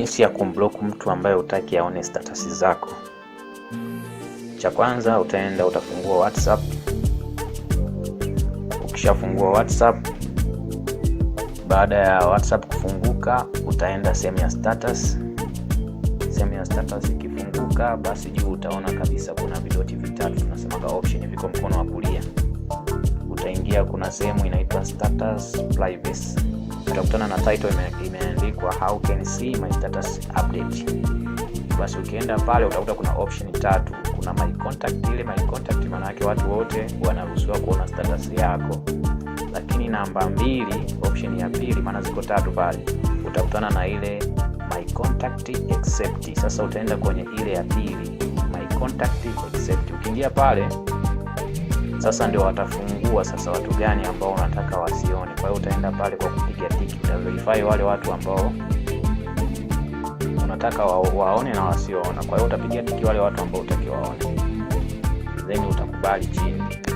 Jinsi ya kumblock mtu ambaye hutaki aone status zako. Cha kwanza utaenda utafungua WhatsApp. Ukishafungua WhatsApp, baada ya WhatsApp kufunguka, utaenda sehemu ya status. Sehemu ya status ikifunguka, basi juu utaona kabisa kuna vidoti vitatu tunasemaga option, viko mkono wa kulia pia kuna sehemu inaitwa status privacy. Utakutana na title imeandikwa how can see my status update. Basi ukienda pale utakuta kuna option tatu. Kuna my contact. Ile my contact maana yake watu wote wanaruhusiwa kuona status yako, lakini namba mbili, option ya pili, maana ziko tatu pale, utakutana na ile my contact except. Sasa utaenda kwenye ile ya pili, my contact except. Ukiingia pale sasa ndio watafungua sasa watu gani ambao unataka wasione. Kwa hiyo utaenda pale kwa kupiga tiki, utaverify wale watu ambao unataka wa, waone na wasioona. Kwa hiyo utapiga tiki wale watu ambao utaki waone, then utakubali chini.